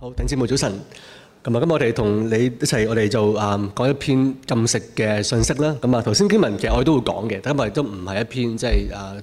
好，頂節目早晨。咁啊，今日我哋同你一齊，我哋就誒、嗯、講一篇禁食嘅信息啦。咁、嗯、啊，頭先經文其實我哋都會講嘅，但係今日都唔係一篇即係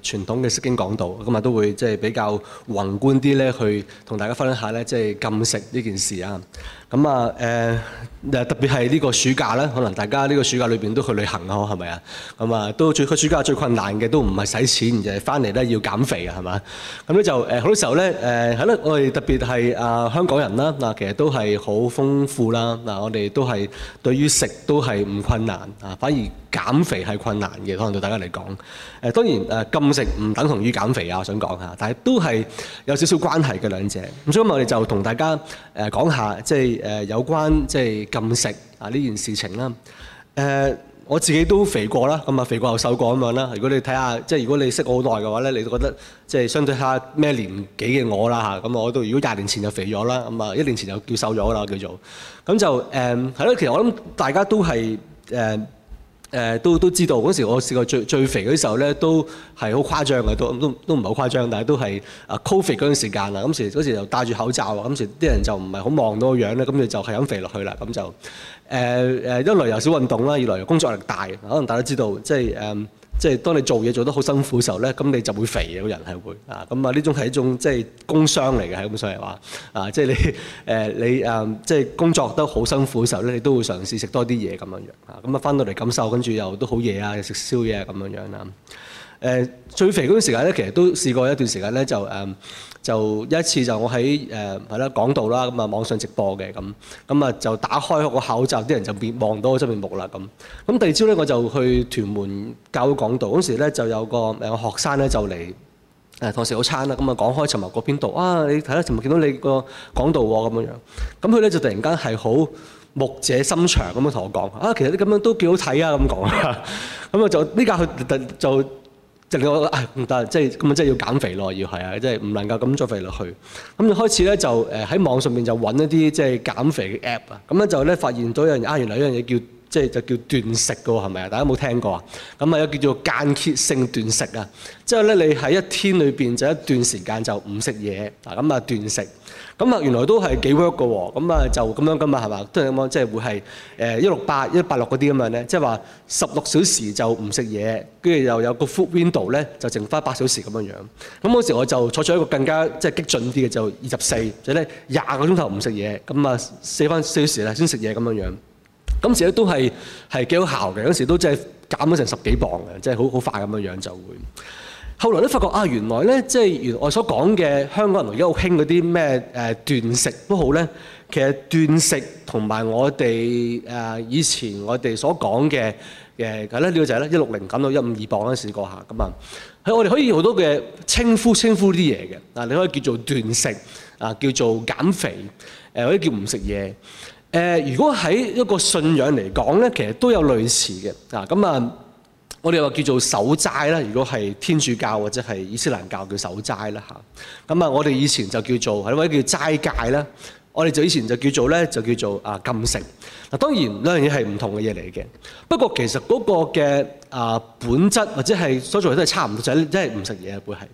誒傳統嘅釋經講道，咁啊都會即係、就是、比較宏觀啲咧，去同大家分享一下咧，即、就、係、是、禁食呢件事啊。咁、嗯、啊，誒、呃。特別係呢個暑假咧，可能大家呢個暑假裏邊都去旅行啊，係咪啊？咁啊，都最暑假最困難嘅都唔係使錢，就係翻嚟咧要減肥啊，係嘛？咁咧就誒好多時候咧誒係咯，我哋特別係啊香港人啦，嗱其實都係好豐富啦，嗱我哋都係對於食都係唔困難啊，反而減肥係困難嘅，可能對大家嚟講誒當然誒禁食唔等同於減肥啊，我想講下，但係都係有少少關係嘅兩者。咁所以我哋就同大家誒講下即係誒有關即係。即係禁食啊呢件事情啦、呃，我自己都肥過啦，咁啊肥過又瘦過咁樣啦。如果你睇下，即係如果你識我好耐嘅話咧，你都覺得即係相對下咩年紀嘅我啦吓、啊啊啊、我都如果廿年前就肥咗啦，咁啊一年前就叫瘦咗啦叫做，咁就係咯、啊。其實我諗大家都係誒、呃、都都知道，嗰時我試過最最肥嗰啲時候咧，都係好誇張嘅，都都都唔係好誇張，但係都係啊 COVID 嗰段時間啊，嗰時嗰時就戴住口罩啊，嗰時啲人就唔係好望到個樣咧，咁就就係咁肥落去啦，咁就誒誒一來又少運動啦，二來又工作壓力大，可能大家都知道即係誒。呃即係當你做嘢做得好辛苦嘅時候咧，咁你就會肥，嘅人係會啊，咁啊呢種係一種即係工傷嚟嘅，係咁，所以話啊，即係你誒、呃、你誒、呃、即係工作得好辛苦嘅時候咧，你都會嘗試食多啲嘢咁樣樣啊，咁啊翻到嚟感受，跟住又都好夜啊，又食宵夜啊咁樣樣啦。誒最肥嗰段時間咧，其實都試過一段時間咧就誒。呃就一次就我喺誒係啦講道啦，咁啊網上直播嘅咁，咁啊就打開個口罩，啲人就望到我出面目啦咁。咁第二朝咧，我就去屯門教會講道，嗰時咧就有個誒學生咧就嚟誒同我食早餐啦，咁啊講開尋日嗰篇道啊，你睇下尋日見到你個講道喎咁樣樣。咁佢咧就突然間係好目者心長咁樣同我講啊，其實你咁樣都幾好睇啊咁講。咁啊就呢家佢就。就覺得啊唔得，即係咁啊，即係要減肥咯，要係啊，即係唔能夠咁再肥落去。咁就開始咧，就誒喺網上面就揾一啲即係減肥嘅 app 啊。咁咧就咧發現咗有樣啊，原來有樣嘢叫。即係就叫斷食嘅喎，係咪啊？大家有冇聽過啊？咁啊，又叫做間歇性斷食啊。即係咧，你喺一天裏邊就一段時間就唔食嘢，嗱咁啊斷食。咁啊，原來都係幾 work 嘅喎。咁啊，就咁樣嘅嘛係嘛？突然間即係會係誒一六八一八六嗰啲咁樣咧，即係話十六小時就唔食嘢，跟住又有個 food window 咧，就剩翻八小時咁樣樣。咁嗰時我就採取一個更加即係激進啲嘅，就二十四，即係咧廿個鐘頭唔食嘢，咁啊四番四小時咧先食嘢咁樣樣。嗰時咧都係係幾有效嘅，嗰時都即係減咗成十幾磅嘅，即係好好快咁嘅樣就會。後來都發覺啊，原來咧即係原來我所講嘅香港人而家、呃、好興嗰啲咩誒斷食都好咧。其實斷食同埋我哋誒、呃、以前我哋所講嘅嘅咧呢個就係咧一六零減到一五二磅咧試過下咁啊。係我哋可以好多嘅稱呼稱呼呢啲嘢嘅嗱，你可以叫做斷食啊、呃，叫做減肥誒、呃，或者叫唔食嘢。誒、呃，如果喺一個信仰嚟講咧，其實都有類似嘅啊。咁啊，我哋又話叫做守齋啦。如果係天主教或者係伊斯蘭教叫守齋啦嚇。咁啊，我哋以前就叫做係一位叫齋戒啦。我哋就以前就叫做咧，就叫做啊禁食。嗱、啊，當然兩樣嘢係唔同嘅嘢嚟嘅。不過其實嗰個嘅啊本質或者係所做嘅都係差唔多，就係真係唔食嘢嘅本係。誒、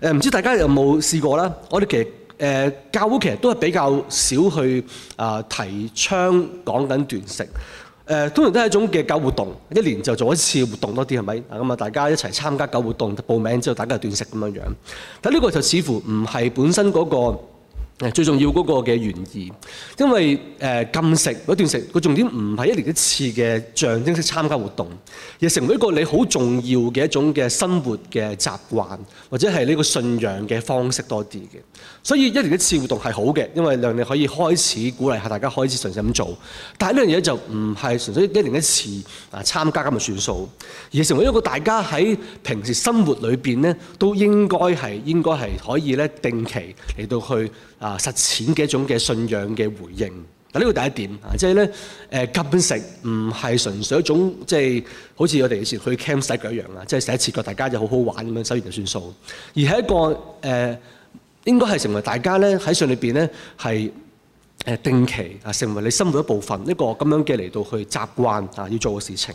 呃，唔知大家有冇試過啦？我哋其實～誒、呃、教會其實都係比較少去啊、呃、提倡講緊斷食，誒通常都係一種嘅搞活動，一年就做一次活動多啲係咪？啊咁啊，大家一齊參加搞活動報名之後，大家就斷食咁樣樣。但呢個就似乎唔係本身嗰、嗰個。最重要嗰個嘅原意，因為誒、呃、禁食嗰段食，個重點唔係一年一次嘅象徵式參加活動，而成為一個你好重要嘅一種嘅生活嘅習慣，或者係呢個信仰嘅方式多啲嘅。所以一年一次活動係好嘅，因為令你可以開始鼓勵下大家開始嘗試咁做。但係呢樣嘢就唔係純粹一年一次啊參加咁就算數，而成為一個大家喺平時生活裏邊呢，都應該係應該係可以呢定期嚟到去。啊，實踐嘅一種嘅信仰嘅回應，嗱呢個第一點啊，即係咧誒禁食唔係純粹一種即係、就是、好似我哋以前去 camp 洗腳一樣啊，即係洗一次腳大家就好好玩咁樣，洗完就算數，而係一個誒、呃、應該係成為大家咧喺信裏邊咧係誒定期啊，成為你生活一部分一個咁樣嘅嚟到去習慣啊要做嘅事情。誒、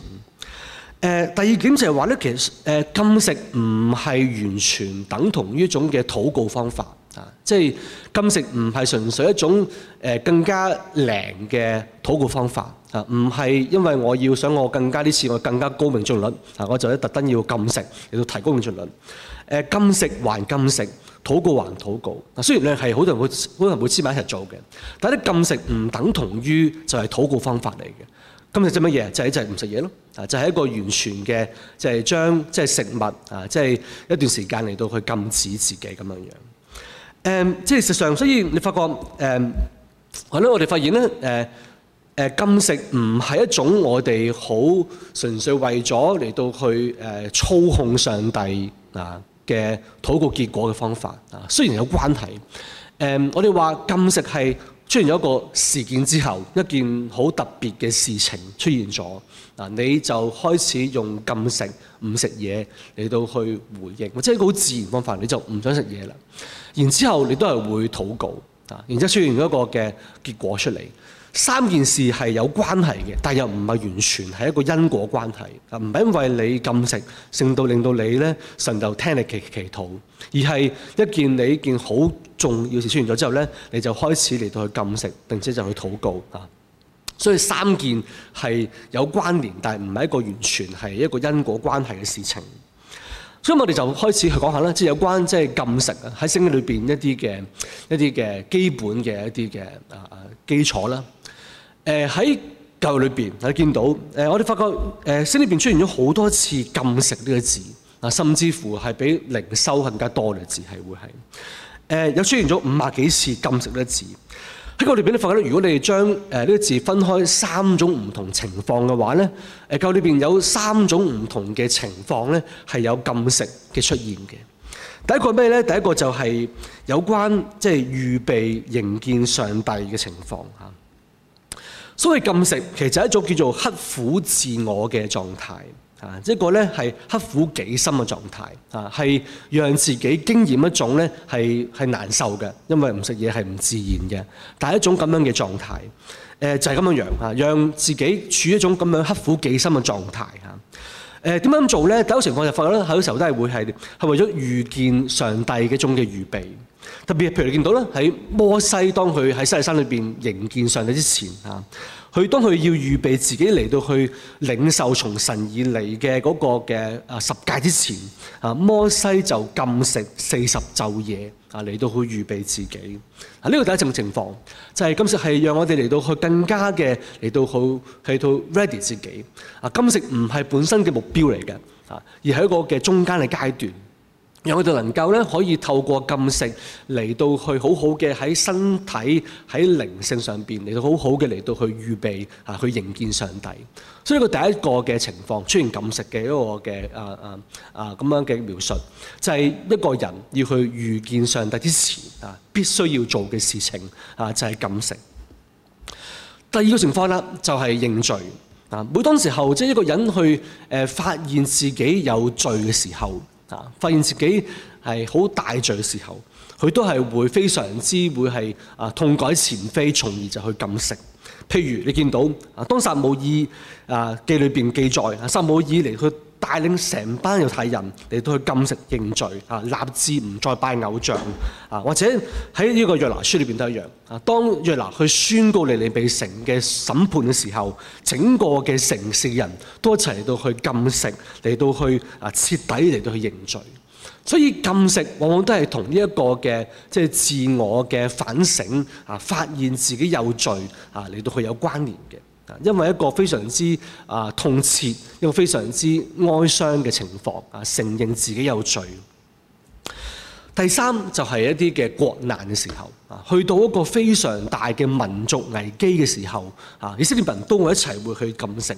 呃、第二點就係話咧，其實誒、呃、禁食唔係完全等同於一種嘅禱告方法。啊！即係禁食唔係純粹一種誒更加靈嘅禱告方法啊！唔係因為我要想我更加啲事，次我更加高命中率啊！我就咧特登要禁食嚟到提高命中率。誒禁食還禁食，禱告還禱告。雖然你係好多人會好多人會黐埋一齊做嘅，但係啲禁食唔等同於就係禱告方法嚟嘅。禁食即係乜嘢？就係、是、就唔食嘢咯。啊，就係、是、一個完全嘅就係、是、將即係、就是、食物啊，即、就、係、是、一段時間嚟到去禁止自己咁樣樣。誒、嗯，即係實際上，所以你發覺，誒，係咯，我哋發現咧，誒、嗯，誒禁食唔係一種我哋好純粹為咗嚟到去誒、嗯、操控上帝啊嘅禱告結果嘅方法啊，雖然有關係，誒、嗯，我哋話禁食係。出現咗一個事件之後，一件好特別嘅事情出現咗，你就開始用禁食、唔食嘢嚟到去回應，或者一個好自然方法，你就唔想食嘢啦。然之後你都係會禱告，啊，然之後出現一個嘅結果出嚟。三件事係有關係嘅，但又唔係完全係一個因果關係啊！唔係因為你禁食，食到令到你咧，神就聽你祈祈禱，而係一件你件好重要事出現咗之後咧，你就開始嚟到去禁食，並且就去禱告啊！所以三件係有關聯，但係唔係一個完全係一個因果關係嘅事情。所以我哋就開始去講下啦，即係有關即係禁食啊，喺聖經裏邊一啲嘅一啲嘅基本嘅一啲嘅啊基礎啦。誒喺，呃、教裏邊，呃，我哋見到誒，我哋發覺誒聖經裏邊出現咗好多次禁食呢個字啊，甚至乎係比靈修更加多嘅字係會係誒，有，呃、出現咗五百幾次禁食呢個字。喺我哋邊你發覺如果你哋將誒呢個字分開三種唔同情況嘅話咧，誒教裏邊有三種唔同嘅情況咧係有禁食嘅出現嘅。第一個係咩咧？第一個就係有關即係預備營建上帝嘅情況嚇。所以禁食其實係一種叫做刻苦自我嘅狀態，啊，一、這個呢係刻苦己心嘅狀態，啊，係讓自己經驗一種呢係難受嘅，因為唔食嘢係唔自然嘅，但係一種咁樣嘅狀態，就係、是、咁樣樣、啊、讓自己處一種咁樣刻苦己心嘅狀態。誒點解咁做咧？第一個情況就發覺咧，喺嗰時候都係會係係為咗預見上帝嘅一種嘅預備，特別譬如你見到咧，喺摩西當佢喺西奈山裏面迎見上帝之前。佢當佢要預備自己嚟到去領受從神而嚟嘅嗰個嘅啊十誡之前，啊摩西就禁食四十晝夜啊嚟到去預備自己。啊呢、這個第一種情況就係、是、禁食係讓我哋嚟到去更加嘅嚟到好去到 ready 自己。啊禁食唔係本身嘅目標嚟嘅啊，而係一個嘅中間嘅階段。讓我哋能夠咧，可以透過禁食嚟到去好好嘅喺身體、喺靈性上邊嚟到好好嘅嚟到去預備嚇、啊、去迎見上帝。所以呢第一個嘅情況，出現禁食嘅一個嘅啊啊啊咁樣嘅描述，就係一個人要去遇見上帝之前啊，必須要做嘅事情啊，就係禁食。第二個情況咧，就係認罪啊。每當時候，即係一個人去誒、呃、發現自己有罪嘅時候。啊！發現自己係好大罪嘅時候，佢都係會非常之會係啊痛改前非，從而就去禁食。譬如你見到當撒母耳啊記裏邊記載，撒母耳嚟去。帶領成班猶太人嚟到去禁食認罪，啊，立志唔再拜偶像，啊，或者喺呢個約拿書裏邊都一樣，啊，當約拿去宣告尼尼微城嘅審判嘅時候，整個嘅城市人都一齊嚟到去禁食，嚟到去啊徹底嚟到去認罪，所以禁食往往都係同呢一個嘅即係自我嘅反省，啊，發現自己有罪，啊，嚟到去有關聯嘅。因為一個非常之啊痛切，一個非常之哀傷嘅情況啊，承認自己有罪。第三就係、是、一啲嘅國難嘅時候啊，去到一個非常大嘅民族危機嘅時候啊，以色列人都會一齊會去禁食。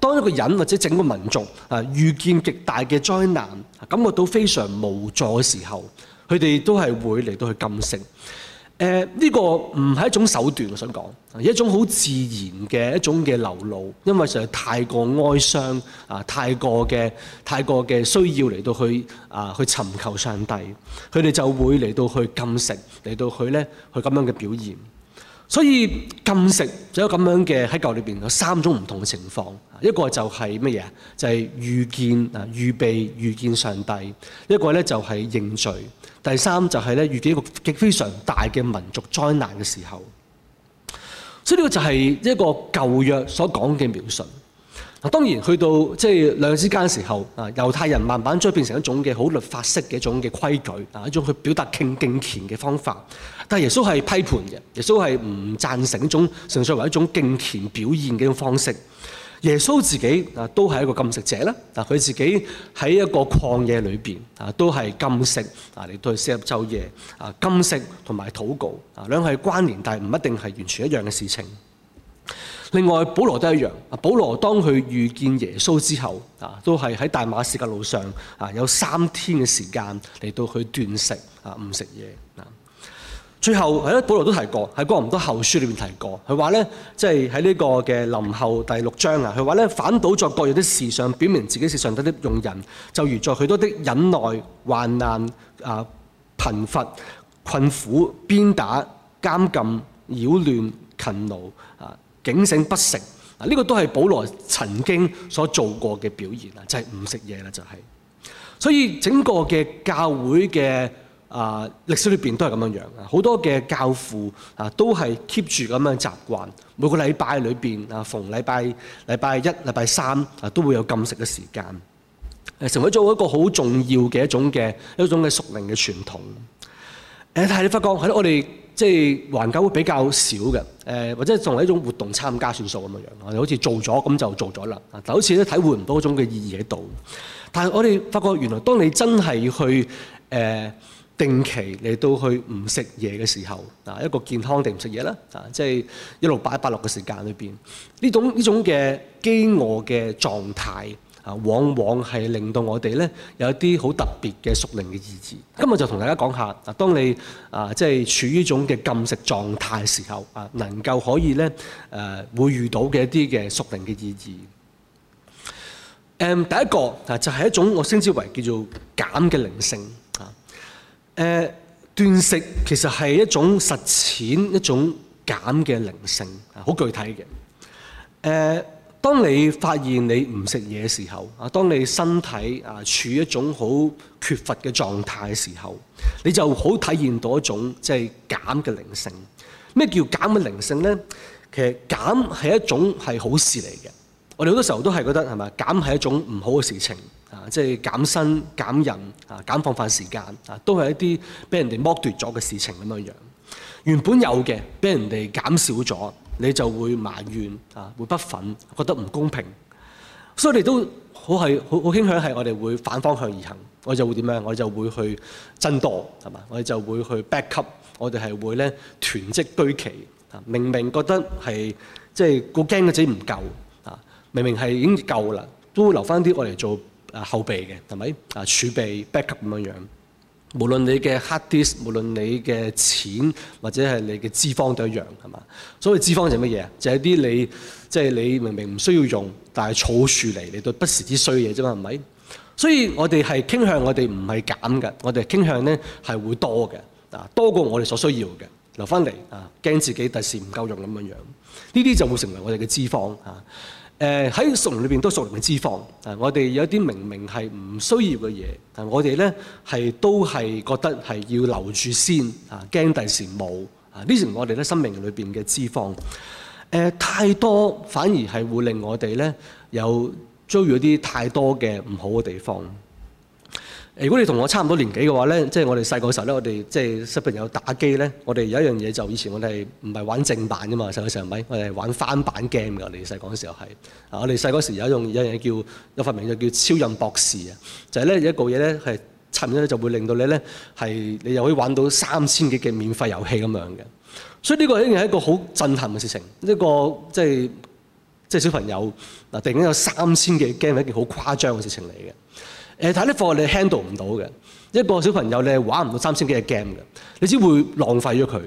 當一個人或者整個民族啊遇見極大嘅災難，感覺到非常無助嘅時候，佢哋都係會嚟到去禁食。誒呢個唔係一種手段，我想講，一種好自然嘅一種嘅流露，因為實在太過哀傷啊，太過嘅太過嘅需要嚟到去啊去尋求上帝，佢哋就會嚟到去禁食，嚟到去咧去咁樣嘅表現。所以禁食就有咁樣嘅喺教裏邊有三種唔同嘅情況，一個就係乜嘢？就係、是、預見啊，預備預見上帝；一個咧就係、是、認罪。第三就係咧遇見一個極非常大嘅民族災難嘅時候，所以呢個就係一個舊約所講嘅描述。嗱當然去到即係兩之間嘅時候啊，猶太人慢慢將變成一種嘅好律法式嘅一種嘅規矩啊，一種去表達敬敬虔嘅方法。但係耶穌係批判嘅，耶穌係唔贊成一種純粹為一種敬虔表現嘅一種方式。耶穌自己啊，都係一個禁食者啦。啊，佢自己喺一個曠野裏邊啊，都係禁食啊，嚟到去四十晝夜啊，禁食同埋禱告啊，兩係關聯，但係唔一定係完全一樣嘅事情。另外，保羅都一樣。啊，保羅當佢遇見耶穌之後啊，都係喺大馬士革路上啊，有三天嘅時間嚟到去斷食啊，唔食嘢啊。最後係咧，保羅都提過，喺《哥林多後書》裏面提過，佢話咧，即係喺呢個嘅林後第六章啊，佢話咧，反倒作各樣的事上表明自己是上帝的用人，就如在許多的忍耐、患難、啊貧乏、困苦、鞭打、監禁、擾亂、勤勞啊警醒不食啊，呢、這個都係保羅曾經所做過嘅表現啊，就係唔食嘢啦，就係、是。所以整個嘅教會嘅。啊！歷史裏邊都係咁樣樣，好多嘅教父啊，都係 keep 住咁樣習慣。每個禮拜裏邊啊，逢禮拜禮拜一、禮拜三啊，都會有禁食嘅時間，誒、呃、成為咗一個好重要嘅一種嘅一種嘅屬靈嘅傳統。誒、呃，但係你發覺喺、呃、我哋即係環教會比較少嘅誒、呃，或者仲係一種活動參加算數咁嘅樣，我哋好似做咗咁就做咗啦。就、啊、好似咧體會唔到嗰種嘅意義喺度。但係我哋發覺原來當你真係去誒。呃定期嚟到去唔、啊就是啊啊就是、食嘢嘅時候，啊一個健康定唔食嘢啦，啊即係一路八八六嘅時間裏邊，呢種呢種嘅飢餓嘅狀態啊，往往係令到我哋呢有一啲好特別嘅屬靈嘅意義。今日就同大家講下，啊當你啊即係處於種嘅禁食狀態時候，啊能夠可以呢誒、啊、會遇到嘅一啲嘅屬靈嘅意義、嗯。第一個啊就係、是、一種我稱之為叫做減嘅靈性。誒、嗯、斷食其實係一種實踐，一種減嘅靈性，啊，好具體嘅。誒、嗯，當你發現你唔食嘢嘅時候，啊，當你身體啊處於一種好缺乏嘅狀態嘅時候，你就好體現到一種即係、就是、減嘅靈性。咩叫減嘅靈性呢？其實減係一種係好事嚟嘅。我哋好多時候都係覺得係嘛，減係一種唔好嘅事情啊，即係減薪、減人啊、減放飯時間啊，都係一啲俾人哋剝奪咗嘅事情咁樣樣。原本有嘅俾人哋減少咗，你就會埋怨啊，會不忿，覺得唔公平，所以我哋都好係好好傾向係我哋會反方向而行。我就會點咧？我就會去增多係嘛？我哋就會去 back up 我。我哋係會咧囤積居奇啊，明明覺得係即係個驚嘅自己唔夠。明明係已經夠啦，都會留翻啲我嚟做啊後備嘅，係咪啊，儲備 back up 咁樣樣？無論你嘅 hard disk，無論你嘅錢或者係你嘅脂肪都一樣係嘛？所謂脂肪就係乜嘢啊？就係啲你即係你明明唔需要用，但係儲住嚟你都不時之需嘅嘢啫嘛，係咪？所以我哋係傾向我哋唔係減嘅，我哋傾向咧係會多嘅啊，多過我哋所需要嘅留翻嚟啊，驚自己第時唔夠用咁樣樣。呢啲就會成為我哋嘅脂肪啊。誒喺、呃、熟糧裏邊都熟糧嘅脂肪，啊！我哋有一啲明明係唔需要嘅嘢，但、啊、我哋咧係都係覺得係要留住先，啊！驚第時冇，啊！呢啲係我哋咧生命裏邊嘅脂肪，誒、啊、太多反而係會令我哋咧有遭遇一啲太多嘅唔好嘅地方。如果你同我差唔多年紀嘅話咧，即係我哋細個時候咧，我哋即係小朋友打機咧，我哋有一樣嘢就以前我哋唔係玩正版嘅嘛，細個時候咪我哋係玩翻版 game 㗎，我哋細個時候係。啊，我哋細嗰時候有一樣有樣嘢叫有發明就叫，叫超任博士啊，就係咧有一個嘢咧係差唔多咧就會令到你咧係你又可以玩到三千幾嘅免費遊戲咁樣嘅。所以呢個係一件係一個好震撼嘅事情，一個即係即係小朋友嗱突然間有三千嘅 game 係一件好誇張嘅事情嚟嘅。誒睇啲課你 handle 唔到嘅，一個小朋友你係玩唔到三千幾嘅 game 嘅，你只會浪費咗佢。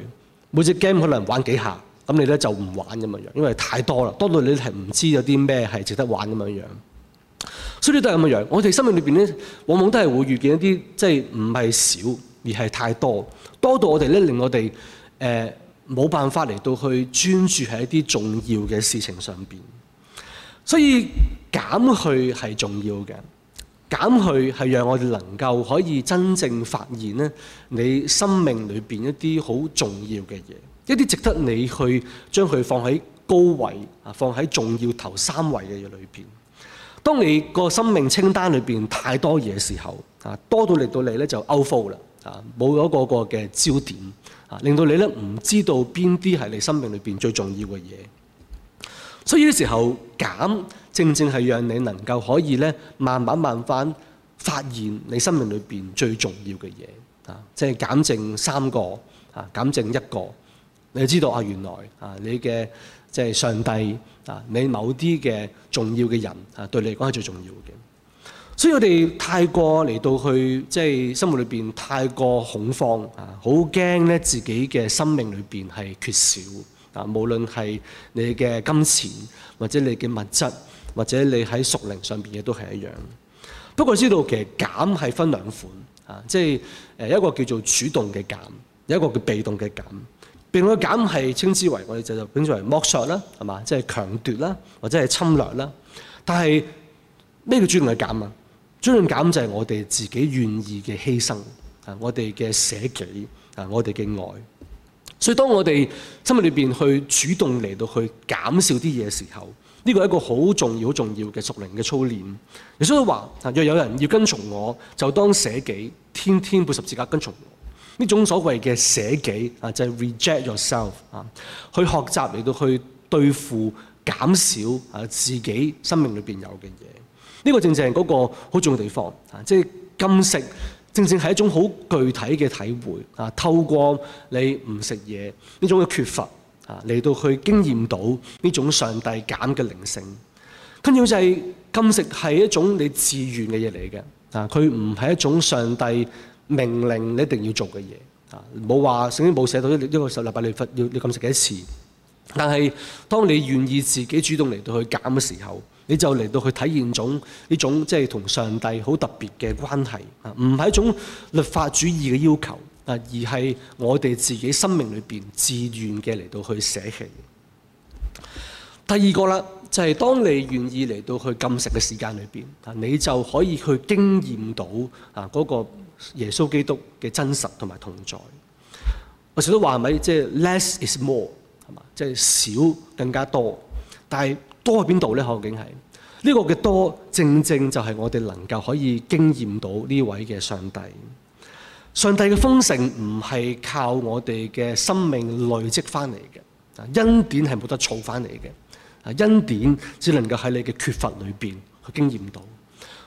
每隻 game 可能玩幾下，咁你咧就唔玩咁樣樣，因為太多啦，多到你係唔知有啲咩係值得玩咁樣樣。所以都係咁樣樣。我哋生命裏面咧，往往都係會遇見一啲即係唔係少而係太多，多到我哋咧令我哋誒冇辦法嚟到去專注喺一啲重要嘅事情上面。所以減去係重要嘅。減去係讓我哋能夠可以真正發現咧，你生命裏面一啲好重要嘅嘢，一啲值得你去將佢放喺高位啊，放喺重要頭三位嘅嘢裏面。當你個生命清單裏面太多嘢時候啊，多到令到你咧就 outflow 啦啊，冇咗個個嘅焦點啊，令到你咧唔知道邊啲係你生命裏面最重要嘅嘢。所以呢個時候減，正正係讓你能夠可以咧，慢慢慢慢發現你生命裏邊最重要嘅嘢啊！即係減剩三個啊，減剩一個，你知道啊，原來啊，你嘅即係上帝啊，你某啲嘅重要嘅人啊，對你嚟講係最重要嘅。所以我哋太過嚟到去即係、就是、生活裏邊，太過恐慌啊，好驚咧自己嘅生命裏邊係缺少。啊，無論係你嘅金錢，或者你嘅物質，或者你喺屬靈上邊嘅都係一樣。不過知道其實減係分兩款，啊，即係誒一個叫做主動嘅減，有一個叫被動嘅減。被動嘅減係稱之為我哋就就稱之為剝削啦，係嘛？即係強奪啦，或者係侵略啦。但係咩叫主動嘅減啊？主動減就係我哋自己願意嘅犧牲，啊，我哋嘅捨己，啊，我哋嘅愛。所以當我哋生命裏邊去主動嚟到去減少啲嘢嘅時候，呢個係一個好重要、好重要嘅屬靈嘅操練。所以話：若有人要跟從我，就當捨己，天天背十字架跟從我。呢種所謂嘅捨己啊，就係 reject yourself 啊，去學習嚟到去對付減少啊自己生命裏邊有嘅嘢。呢個正正係嗰個好重要的地方啊，即係禁食。正正係一種好具體嘅體會啊！透過你唔食嘢呢種嘅缺乏啊，嚟到去經驗到呢種上帝減嘅靈性。跟住就係、是、禁食係一種你自願嘅嘢嚟嘅啊！佢唔係一種上帝命令你一定要做嘅嘢啊！冇話聖經冇寫到一一、這個十禮拜你罰要你禁食幾多次。但係當你願意自己主動嚟到去減嘅時候，你就嚟到去體驗種呢種即係同上帝好特別嘅關係啊，唔係一種律法主義嘅要求啊，而係我哋自己生命裏面自願嘅嚟到去捨棄。第二個啦，就係、是、當你願意嚟到去禁食嘅時間裏面，啊，你就可以去經驗到啊嗰、那個耶穌基督嘅真實同埋同在。我成日都話咪，即、就、係、是、less is more 係嘛，即、就、係、是、少更加多，但係多喺邊度咧？究竟係？呢個嘅多，正正就係我哋能夠可以經驗到呢位嘅上帝。上帝嘅豐盛唔係靠我哋嘅生命累積翻嚟嘅，啊恩典係冇得儲翻嚟嘅，啊恩典只能夠喺你嘅缺乏裏面去經驗到。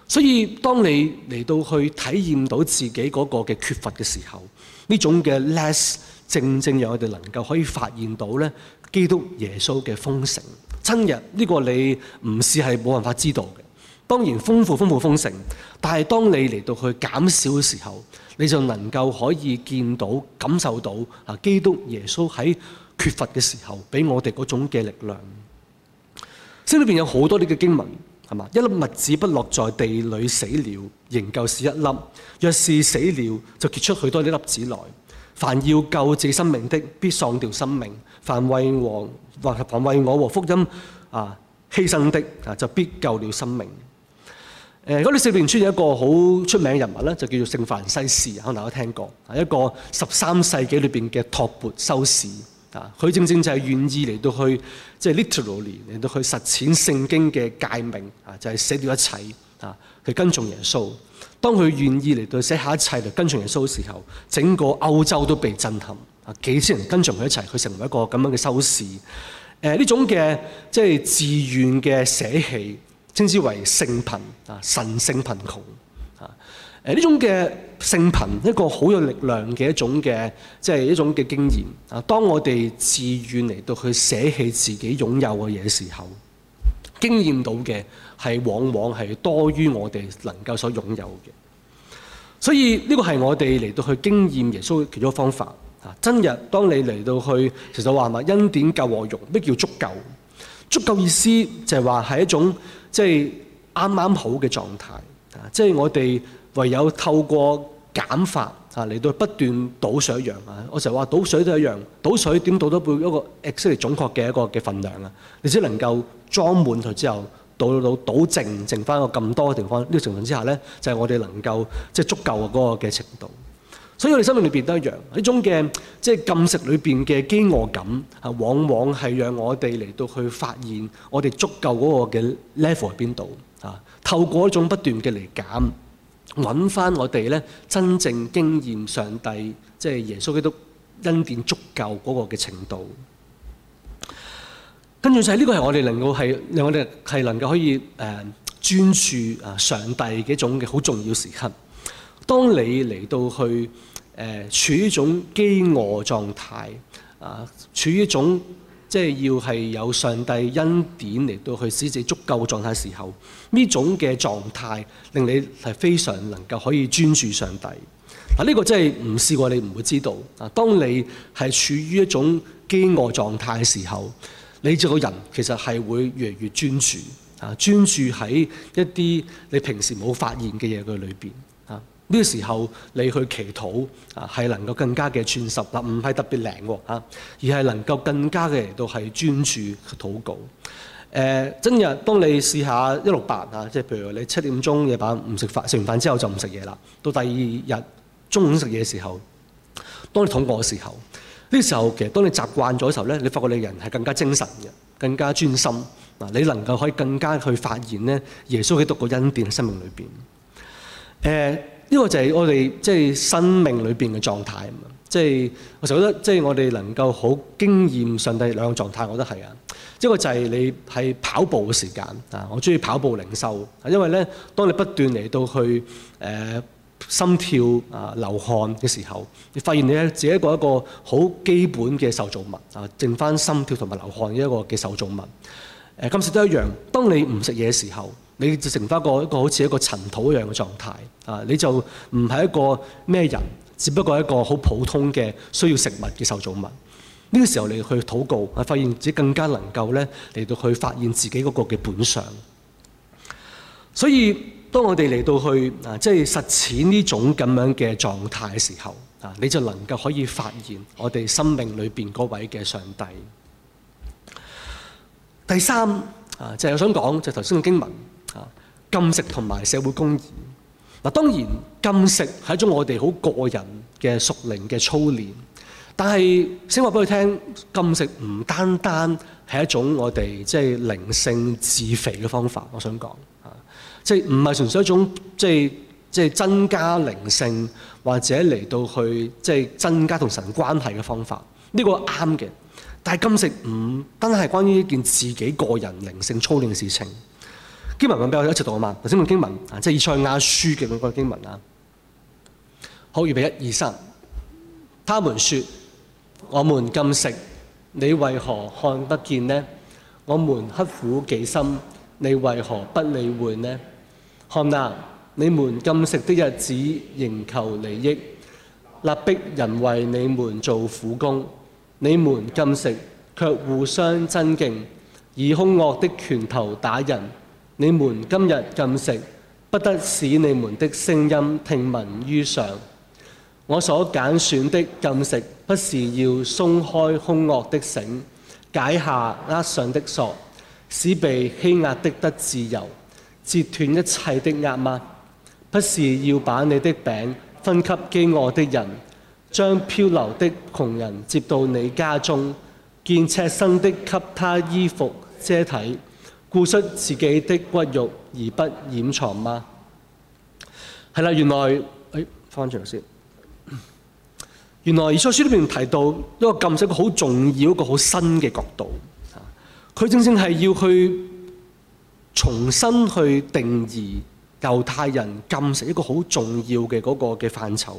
所以當你嚟到去體驗到自己嗰個嘅缺乏嘅時候，呢種嘅 less 正正讓我哋能夠可以發現到呢。基督耶穌嘅豐盛，今日呢、這個你唔試係冇辦法知道嘅。當然豐富、豐富、豐盛，但係當你嚟到去減少嘅時候，你就能夠可以見到、感受到啊！基督耶穌喺缺乏嘅時候，俾我哋嗰種嘅力量。星裏面有好多呢個經文係嘛？一粒麥子不落在地裏死了，仍舊是一粒；若是死了，就結出許多呢粒子來。凡要救自己生命的，必喪掉生命；凡為我或凡為我和福音啊犧牲的啊，就必救了生命。誒、呃，嗰啲四殿村有一個好出名嘅人物咧，就叫做聖凡西士，可能大家都聽過，係、啊、一個十三世紀裏邊嘅托缽修士啊，佢正正就係願意嚟到去，即、就、係、是、literally 嚟到去實踐聖經嘅誡命啊，就係、是、捨掉一切啊，去跟從耶穌。當佢願意嚟到捨下一切嚟跟從耶穌嘅時候，整個歐洲都被震撼啊！幾千人跟從佢一齊，佢成為一個咁樣嘅修士。誒、呃、呢種嘅即係自願嘅捨棄，稱之為聖貧啊，神聖貧窮啊。誒、呃、呢種嘅聖貧，一個好有力量嘅一種嘅即係一種嘅經驗啊。當我哋自願嚟到去捨棄自己擁有嘅嘢時候。經驗到嘅係往往係多於我哋能夠所擁有嘅，所以呢個係我哋嚟到去經驗耶穌嘅其中方法啊！真日當你嚟到去，其實話埋恩典夠和容，咩叫足夠？足夠意思就係話係一種即係啱啱好嘅狀態啊！即係我哋唯有透過減法。啊！嚟到不斷倒水一樣啊！我成日話倒水都一樣，倒水點倒都背一個 exactly 準確嘅一個嘅份量啊！你只能夠裝滿佢之後，倒到倒淨淨翻個咁多嘅地方，呢個情況之下咧，就係我哋能夠即係足夠嘅嗰個嘅程度。所以我哋生命裏邊都一樣，呢種嘅即係禁食裏邊嘅飢餓感，係往往係讓我哋嚟到去發現我哋足夠嗰個嘅 level 喺邊度啊！透過一種不斷嘅嚟減。揾翻我哋咧，真正經驗上帝，即係耶穌基督恩典足夠嗰個嘅程度。跟住就係呢個係我哋能夠係令我哋係能夠可以誒專注啊上帝嘅一種嘅好重要時刻。當你嚟到去誒、呃、處於一種飢餓狀態啊，處於一種。即係要係有上帝恩典嚟到去使自己足夠嘅狀態時候，呢種嘅狀態令你係非常能夠可以專注上帝。嗱、這、呢個真係唔試過你唔會知道。啊，當你係處於一種飢餓狀態嘅時候，你呢個人其實係會越嚟越專注。啊，專注喺一啲你平時冇發現嘅嘢嘅裏邊。呢個時候你去祈禱啊，係能夠更加嘅寸實，嗱，唔係特別靈喎嚇，而係能夠更加嘅嚟到係專注禱告。誒、啊，真嘅，當你試下一六八啊，即係譬如你七點鐘夜晚唔食飯，食完飯之後就唔食嘢啦。到第二日中午食嘢嘅時候，當你肚餓嘅時候，呢個時候其實當你習慣咗嘅時候咧，你發覺你嘅人係更加精神嘅，更加專心嗱、啊，你能夠可以更加去發現咧，耶穌基督個恩典喺生命裏邊。誒、啊。呢個就係我哋即係生命裏邊嘅狀態，即係我成日覺得，即係我哋能夠好經驗上帝兩個狀態，我覺得係啊。一個就係你喺跑步嘅時間啊，我中意跑步靈修，因為咧，當你不斷嚟到去誒、呃、心跳啊、流汗嘅時候，你發現你自己一個一個好基本嘅受造物啊，剩翻心跳同埋流汗嘅一個嘅受造物。誒、呃，今時都一樣，當你唔食嘢嘅時候。你就成翻個一個好似一個塵土一樣嘅狀態啊！你就唔係一個咩人，只不過一個好普通嘅需要食物嘅受造物。呢個時候你去禱告，發現自己更加能夠咧嚟到去發現自己嗰個嘅本相。所以當我哋嚟到去啊，即係實踐呢種咁樣嘅狀態嘅時候啊，你就能夠可以發現我哋生命裏邊嗰位嘅上帝。第三啊，就係我想講就係頭先嘅經文。啊！禁食同埋社會公義嗱，當然禁食係一種我哋好個人嘅屬靈嘅操練，但係先話俾佢聽，禁食唔單單係一種我哋即係靈性自肥嘅方法，我想講啊，即係唔係純粹一種即係即係增加靈性或者嚟到去即係、就是、增加同神關係嘅方法，呢、這個啱嘅，但係禁食唔單單係關於一件自己個人靈性操練嘅事情。經文俾我哋一齊讀啊嘛，頭先讀經文啊，即係以賽亞書嘅嗰個經文啊。好，預備一二三。他們說：我們禁食，你為何看不見呢？我們刻苦己心，你為何不理會呢？看哪，你們禁食的日子，仍求利益，勒逼人為你們做苦工。你們禁食，卻互相爭競，以兇惡的拳頭打人。你們今日禁食，不得使你們的聲音聽聞於上。我所揀選的禁食，不是要鬆開凶惡的繩，解下軛上的索，使被欺壓的得自由，折斷一切的軛嗎？不是要把你的餅分給飢餓的人，將漂流的窮人接到你家中，見赤身的給他衣服遮體。固失自己的骨肉而不掩藏嗎、啊？係啦，原來誒返轉頭先，原來《以賽亞書》裏邊提到一個禁食，一個好重要、一個好新嘅角度。佢正正係要去重新去定義猶太人禁食一個好重要嘅嗰個嘅範疇。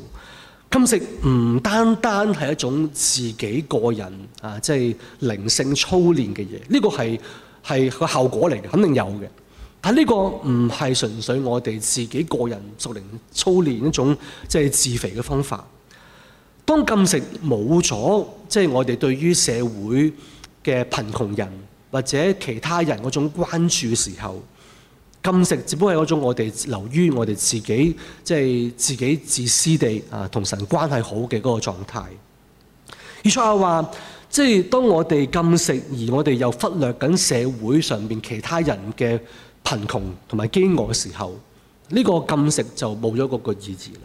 禁食唔單單係一種自己個人啊，即係靈性操練嘅嘢。呢、這個係。係個效果嚟嘅，肯定有嘅。但呢個唔係純粹我哋自己個人熟練操練一種即係、就是、自肥嘅方法。當禁食冇咗，即、就、係、是、我哋對於社會嘅貧窮人或者其他人嗰種關注嘅時候，禁食只不過係嗰種我哋留於我哋自己即係、就是、自己自私地啊同神關係好嘅嗰個狀態。以賽亞話。即係當我哋禁食，而我哋又忽略緊社會上面其他人嘅貧窮同埋饑餓嘅時候，呢個禁食就冇咗嗰個意義啦。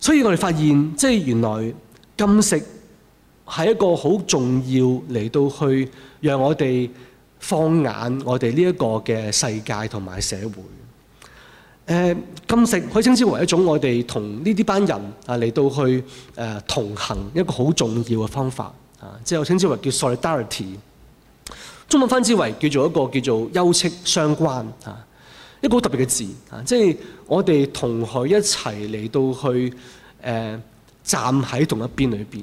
所以我哋發現，即係原來禁食係一個好重要嚟到去讓我哋放眼我哋呢一個嘅世界同埋社會。誒、呃，禁食可以稱之為一種我哋同呢啲班人啊嚟到去誒、啊、同行一個好重要嘅方法。啊，即係我稱之為叫 solidarity，中文翻之為叫做一個叫做休戚相關啊，一個好特別嘅字啊，即係我哋同佢一齊嚟到去誒、呃、站喺同一邊裏邊。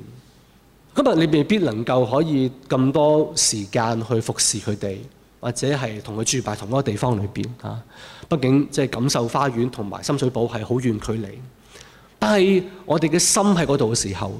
今日你未必能夠可以咁多時間去服侍佢哋，或者係同佢住埋同一個地方裏邊啊。畢竟即係錦繡花園同埋深水埗係好遠距離，但係我哋嘅心喺嗰度嘅時候。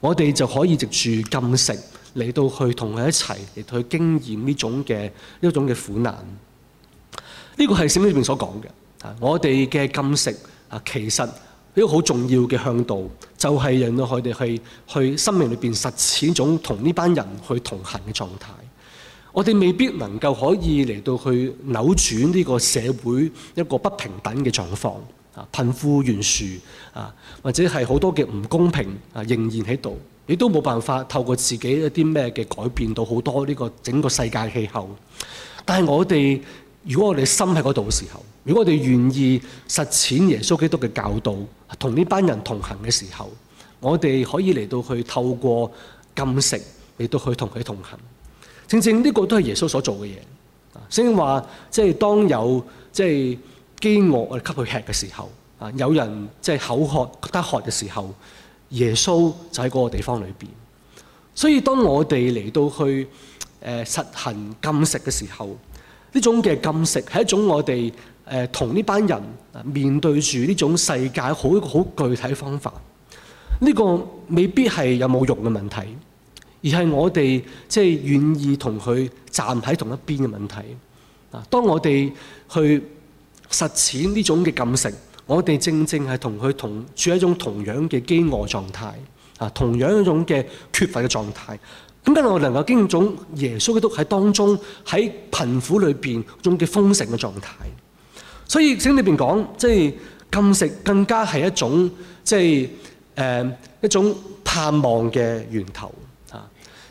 我哋就可以藉住禁食嚟到去同佢一齊嚟同佢經驗呢種嘅呢種嘅苦難。呢、這個係聖經裏邊所講嘅。啊，我哋嘅禁食啊，其實一個好重要嘅向導，就係引到佢哋去去生命裏邊實踐呢種同呢班人去同行嘅狀態。我哋未必能夠可以嚟到去扭轉呢個社會一個不平等嘅狀況。貧富懸殊啊，或者係好多嘅唔公平啊，仍然喺度，你都冇辦法透過自己一啲咩嘅改變到好多呢個整個世界氣候。但係我哋，如果我哋心喺嗰度嘅時候，如果我哋願意實踐耶穌基督嘅教導，同呢班人同行嘅時候，我哋可以嚟到去透過禁食嚟到去同佢同行。正正呢個都係耶穌所做嘅嘢。先至話，即係當有即係。饑餓我哋給佢吃嘅時候，啊，有人即係口渴覺得渴嘅時候，耶穌就喺嗰個地方裏邊。所以當我哋嚟到去誒、呃、實行禁食嘅時候，呢種嘅禁食係一種我哋誒同呢班人面對住呢種世界好好具體嘅方法。呢、呢個未必係有冇用嘅問題，而係我哋即係願意同佢站喺同一邊嘅問題。啊，當我哋去實踐呢種嘅禁食，我哋正正係同佢同處喺一種同樣嘅飢餓狀態，啊，同樣一種嘅缺乏嘅狀態。點解我能夠經歷一種耶穌基督喺當中喺貧苦裏邊種嘅豐盛嘅狀態？所以經裏邊講，即係禁食更加係一種即係誒、呃、一種盼望嘅源頭。啊，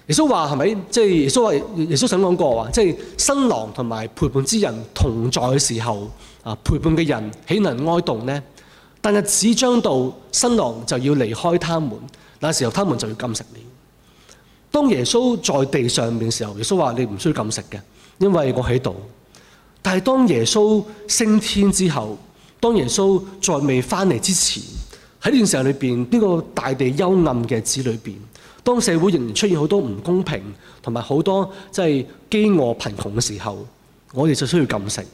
耶穌話係咪？即係耶穌話，耶穌曾經講過話，即係新郎同埋陪伴之人同在嘅時候。啊！陪伴嘅人豈能哀悼呢？但日子將到，新郎就要離開他們，那時候他們就要禁食了。當耶穌在地上面時候，耶穌話你唔需要禁食嘅，因為我喺度。但係當耶穌升天之後，當耶穌再未翻嚟之前，喺呢段時候裏邊，呢個大地幽暗嘅子裏邊，當社會仍然出現好多唔公平同埋好多即係飢餓貧窮嘅時候，我哋就需要禁食。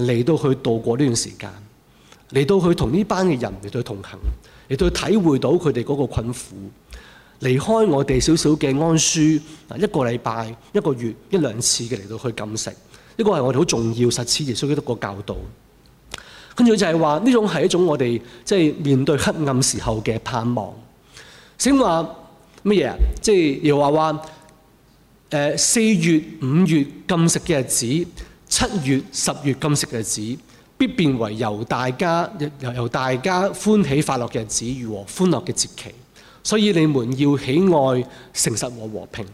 嚟到去度過呢段時間，嚟到去同呢班嘅人，嚟到去同行，嚟到去體會到佢哋嗰個困苦，離開我哋少少嘅安舒，啊，一個禮拜，一個月，一兩次嘅嚟到去禁食，呢、這個係我哋好重要實踐耶穌基督個教導。跟住就係話呢種係一種我哋即係面對黑暗時候嘅盼望。先話乜嘢啊？即係又話話誒四月五月禁食嘅日子。七月十月禁食嘅日子，必變為由大家由大家歡喜快樂嘅日子，與和歡樂嘅節期。所以你們要喜愛誠實和和平。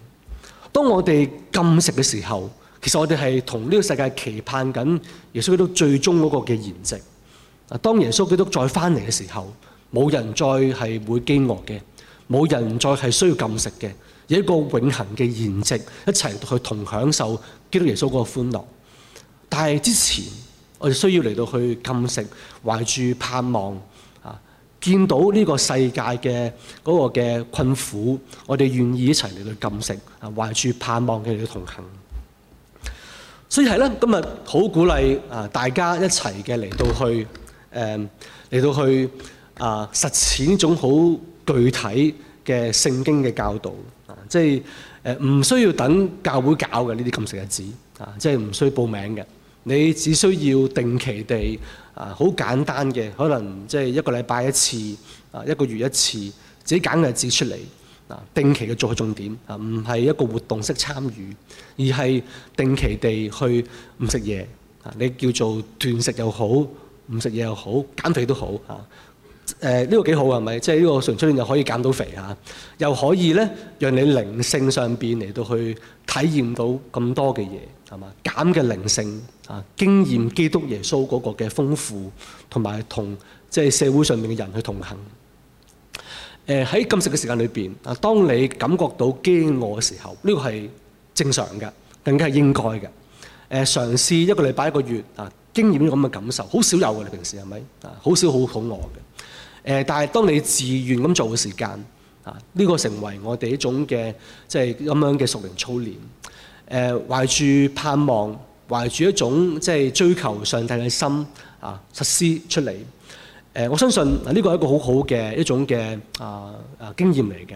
當我哋禁食嘅時候，其實我哋係同呢個世界期盼緊耶穌基督最終嗰個嘅筵席。啊，當耶穌基督再翻嚟嘅時候，冇人再係會飢餓嘅，冇人再係需要禁食嘅，有一個永恆嘅筵席，一齊去同享受基督耶穌嗰個歡樂。但係之前，我哋需要嚟到去禁食，懷住盼望啊，見到呢個世界嘅嗰個嘅困苦，我哋願意一齊嚟到禁食，啊，懷住盼望嘅嚟到同行。所以係咧，今日好鼓勵啊，大家一齊嘅嚟到去，誒、啊、嚟到去啊，實踐呢種好具體嘅聖經嘅教導啊，即係誒唔需要等教會搞嘅呢啲禁食日子啊，即係唔需要報名嘅。你只需要定期地啊，好簡單嘅，可能即係一個禮拜一次啊，一個月一次，自己揀個日子出嚟啊，定期嘅做重點啊，唔係一個活動式參與，而係定期地去唔食嘢啊，你叫做斷食又好，唔食嘢又好，減肥都好啊。誒、呃，呢、這個幾好嘅係咪？即係呢個純粹又可以減到肥啊，又可以呢，讓你靈性上面嚟到去體驗到咁多嘅嘢。減減嘅靈性啊，經驗基督耶穌嗰個嘅豐富，同埋同即係社會上面嘅人去同行。喺、呃、禁食嘅時間裏面，啊，當你感覺到飢餓嘅時候，呢、這個係正常嘅，更加係應該嘅。嘗、啊、試一個禮拜一個月啊，經驗咁嘅感受，好少有㗎你平時係咪啊？好少好餓嘅。但係當你自願咁做嘅時間，啊，呢、這個成為我哋一種嘅即係咁樣嘅屬靈操練。誒、呃、懷住盼望，懷住一種即係追求上帝嘅心啊，實施出嚟。誒、呃，我相信呢個係一個好好嘅一種嘅啊啊經驗嚟嘅。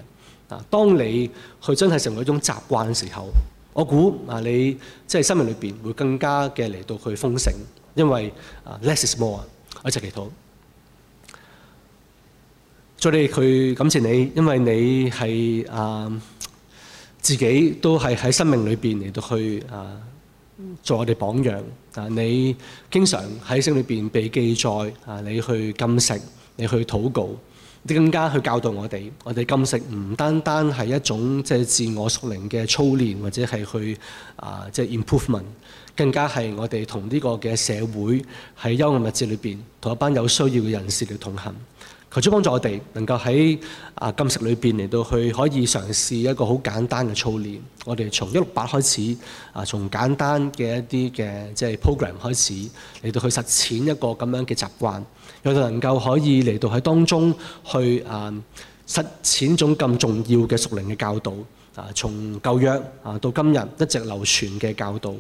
啊，當你去真係成為一種習慣嘅時候，我估啊，你啊即係生命裏邊會更加嘅嚟到去豐盛，因為啊，less is more。我一齊祈禱，主你佢感謝你，因為你係啊。自己都係喺生命裏面嚟到去啊，做我哋榜樣啊！你經常喺聖經裏面被記載啊，你去禁食，你去禱告，你更加去教導我哋。我哋禁食唔單單係一種即、就是、自我鍛鍊嘅操練，或者係去啊即係、就是、improvement，更加係我哋同呢個嘅社會喺優越物質裏面，同一班有需要嘅人士嚟同行。求主幫助我哋，能夠喺啊禁食裏邊嚟到去可以嘗試一個好簡單嘅操練。我哋從一六八開始啊，從簡單嘅一啲嘅即係 program 開始嚟到去實踐一個咁樣嘅習慣，又能夠可以嚟到喺當中去啊實踐這種咁重要嘅屬靈嘅教導啊，從舊約啊到今日一直流傳嘅教導，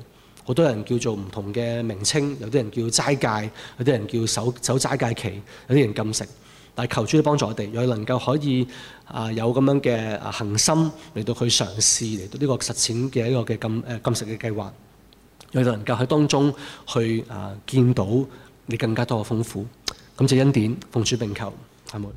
好多人叫做唔同嘅名稱，有啲人叫齋戒，有啲人叫守守齋戒期，有啲人禁食。但求主你幫助我地，又能夠可以、呃、有這樣的恒心來到去嘗試來到這個實踐的一個禁食、呃、的計劃，又能夠在當中去、呃、見到你更加多的豐富。感謝恩典，奉主並求阿門。